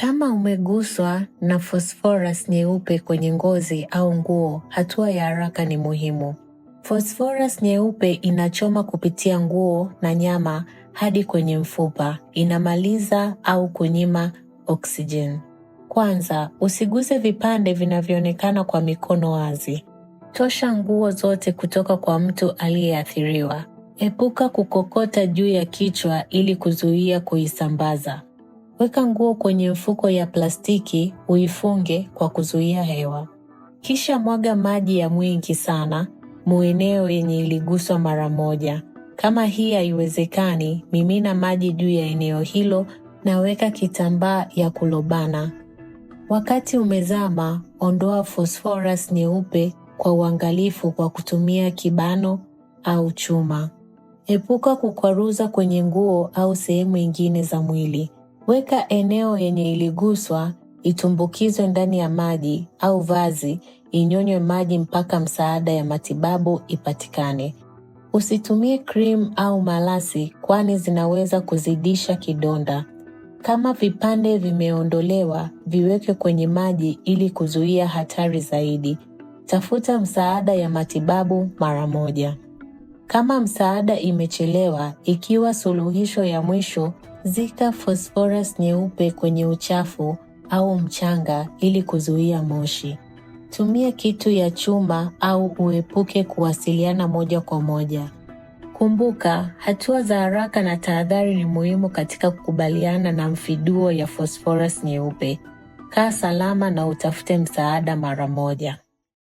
Kama umeguswa na phosphorus nyeupe kwenye ngozi au nguo, hatua ya haraka ni muhimu. Phosphorus nyeupe inachoma kupitia nguo na nyama hadi kwenye mfupa, inamaliza au kunyima oksijen. Kwanza, usiguse vipande vinavyoonekana kwa mikono wazi. Tosha nguo zote kutoka kwa mtu aliyeathiriwa. Epuka kukokota juu ya kichwa ili kuzuia kuisambaza. Weka nguo kwenye mfuko ya plastiki uifunge kwa kuzuia hewa. Kisha mwaga maji ya mwingi sana mueneo yenye iliguswa mara moja. Kama hii haiwezekani, mimina maji juu ya eneo hilo na weka kitambaa ya kulobana. Wakati umezama, ondoa phosphorus nyeupe kwa uangalifu kwa kutumia kibano au chuma. Epuka kukwaruza kwenye nguo au sehemu nyingine za mwili. Weka eneo yenye iliguswa itumbukizwe ndani ya maji au vazi, inyonywe maji mpaka msaada ya matibabu ipatikane. Usitumie krimu au malasi, kwani zinaweza kuzidisha kidonda. Kama vipande vimeondolewa, viweke kwenye maji ili kuzuia hatari zaidi. Tafuta msaada ya matibabu mara moja. Kama msaada imechelewa, ikiwa suluhisho ya mwisho Zika phosphorus nyeupe kwenye uchafu au mchanga ili kuzuia moshi. Tumia kitu ya chuma au uepuke kuwasiliana moja kwa moja. Kumbuka, hatua za haraka na tahadhari ni muhimu katika kukubaliana na mfiduo ya phosphorus nyeupe. Kaa salama na utafute msaada mara moja.